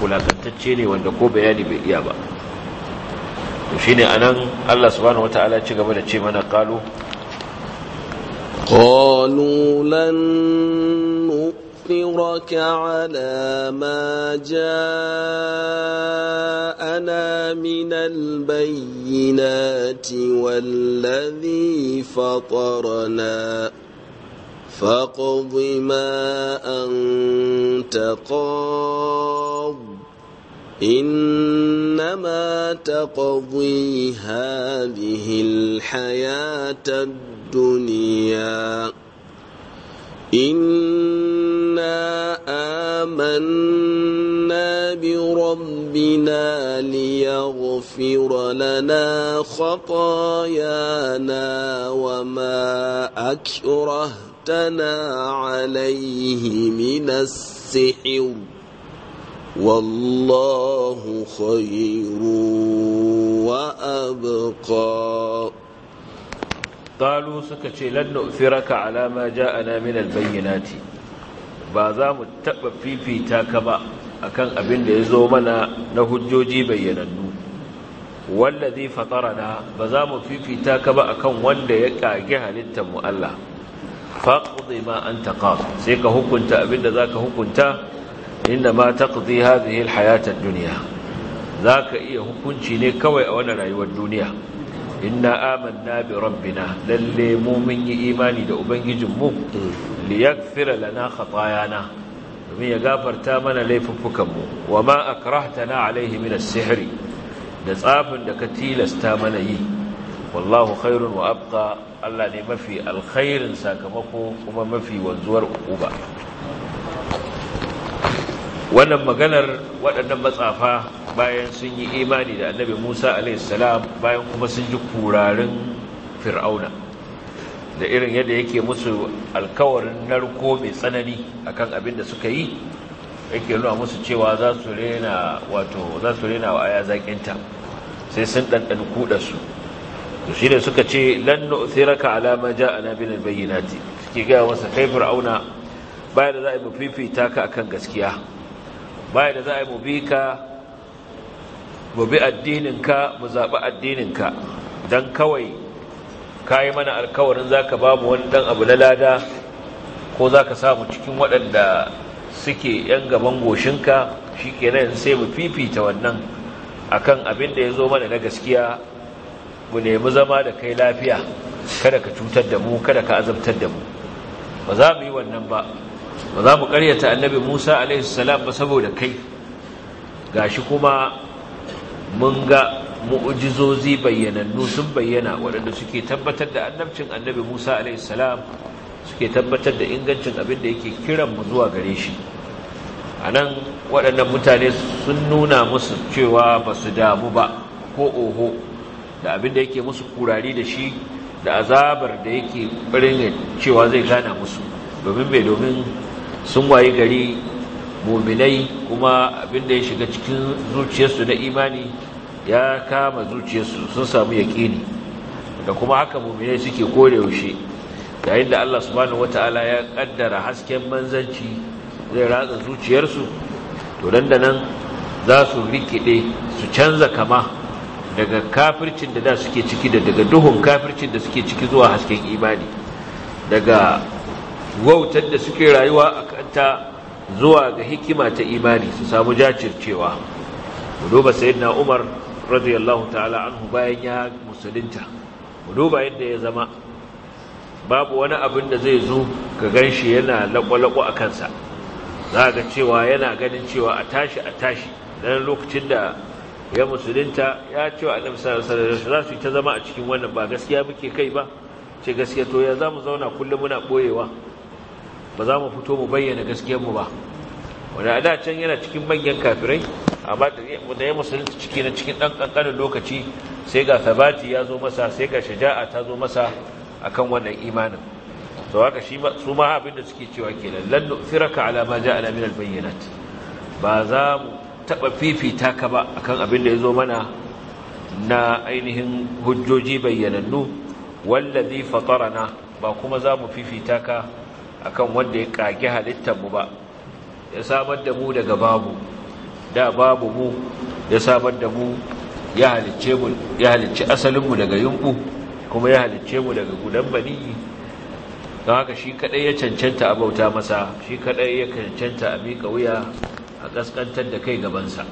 wulakantacce ne wanda ko bayani bai iya ba to shine anan Allah subhanahu wataala ya ci gaba da ce mana qalu qalu lan لنصبرك على ما جاءنا من البينات والذي فطرنا فاقض ما أنت قاض إنما تقضي هذه الحياة الدنيا إنا آمنا بربنا ليغفر لنا خطايانا وما أكرهتنا عليه من السحر والله خير وأبقى qalu suka ce lan nu'firaka ala ma ja'ana min bayyana bayyinati ba za mu taba fifita ka ba akan abin da yazo mana na hujjoji bayyanannu wallazi fatarana ba za mu fifita ka ba akan wanda ya kage halittar mu Allah faqdi ma anta qad sai ka hukunta abin da zaka hukunta inda ma taqdi hadhihi al-hayata ad-dunya zaka iya hukunci ne kawai a wannan rayuwar duniya inna amanna bi rabbina lalle mu mun yi imani da ubangijinmu li yaghfira lana khatayana domin ya gafarta mana mu wa ma akrahtana alaihi min as-sihr da tsafin da ka tilasta mana yi wallahu khairun wa abqa Allah ne mafi alkhairin sakamako kuma mafi wanzuwar uba wannan maganar waɗannan matsafa bayan sun yi imani da annabi musa alaihissalam bayan kuma sun ji kurarin fir'auna da irin yadda yake musu alkawarin narko mai tsanani akan abin da suka yi yake nuna musu cewa za su rena wato za su rena wa aya zaƙinta sai sun ɗanɗan kuɗarsu to shi ne suka ce lan nu'thiraka alama ma ja'ana bil bayyinati suke gaya masa kai fir'auna bayan da za a yi fifita ka akan gaskiya baya da za a yi mu bi ka mu bi addininka mu zaɓi addininka don kawai ka yi mana alkawarin za ka ba mu wani ɗan abu na lada ko za ka samu cikin waɗanda suke ‘yan gaban goshinka shi nan sai mu fifita wannan A kan abin da ya zo mana na gaskiya mu nemi zama da kai lafiya kada ka cutar da mu kada ka azabtar da mu ba za mu yi wannan ba ba za mu karyata annabi Musa alaihi salam ba saboda kai gashi kuma mun ga mu'jizozi bayyanannu sun bayyana waɗanda suke tabbatar da annabcin annabi Musa alaihi salam suke tabbatar da ingancin abin da yake kiran mu zuwa gare shi anan waɗannan mutane sun nuna musu cewa ba su damu ba ko oho da abin da yake musu kurari da shi da azabar da yake barin cewa zai gana musu domin bai domin sun waye gari muminai kuma abinda ya shiga cikin zuciyarsu na imani ya kama zuciyarsu sun samu yaƙini da kuma haka muminai suke kore yaushe yayin da Allah subhanahu wataala ya kaddara hasken manzanci zai ratsa zuciyarsu to dan da nan za su rikide su canza kama daga kafircin da da suke ciki da daga duhun kafircin da suke ciki zuwa hasken imani daga wautar da suke rayuwa a ta zuwa ga hikima ta imani su samu jajircewa duba sayyidina Umar radiyallahu ta'ala anhu bayan ya musulunta duba yadda ya zama babu wani abin da zai zo ka ganshi yana lakwalakwa a kansa za ga cewa yana ganin cewa a tashi a tashi dan lokacin da ya musulunta ya ce wa annabi sallallahu alaihi wasallam za su yi ta zama a cikin wannan ba gaskiya muke kai ba ce gaskiya to ya zamu zauna kullum muna boyewa ba za mu fito mu bayyana gaskiyarmu ba wanda da can yana cikin manyan kafirai amma da ya musulunci ciki na cikin ɗan ƙanƙanin lokaci sai ga sabati ya zo masa sai ga shaja'a ta zo masa akan wannan imanin to haka su ma abin da suke cewa kenan lan firaka alama ma ja'ana al ba za mu taɓa fifita ka ba akan abin da ya zo mana na ainihin hujjoji bayyanannu wallazi fatarana ba kuma za mu fifita ka akan wanda ya kage halittar mu ba ya samar da mu daga babu da babu mu ya samar da mu ya halicce mu ya halicci asalin mu daga yunku kuma ya halicce mu daga gudan bani don haka shi kadai ya cancanta a bauta masa shi kadai ya cancanta a miƙa wuya a ƙasƙantar da kai gabansa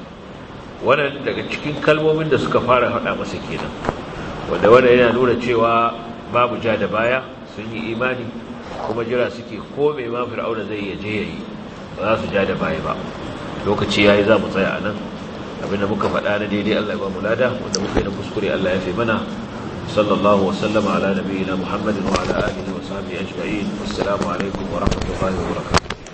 wannan daga cikin kalmomin da suka fara haɗa masa kenan wanda wannan yana nuna cewa babu ja da baya sun yi imani kuma jira suke ko mai ma fir'auna zai ya je yayi ba za su ja da baya ba lokaci yayi za mu tsaya anan abinda muka faɗa na daidai Allah ya ba mu lada wanda muka yi na kuskure Allah ya fi mana sallallahu wa sallama ala nabiyina Muhammadin wa ala alihi wa sahbihi ajma'in assalamu alaikum wa rahmatullahi wa barakatuh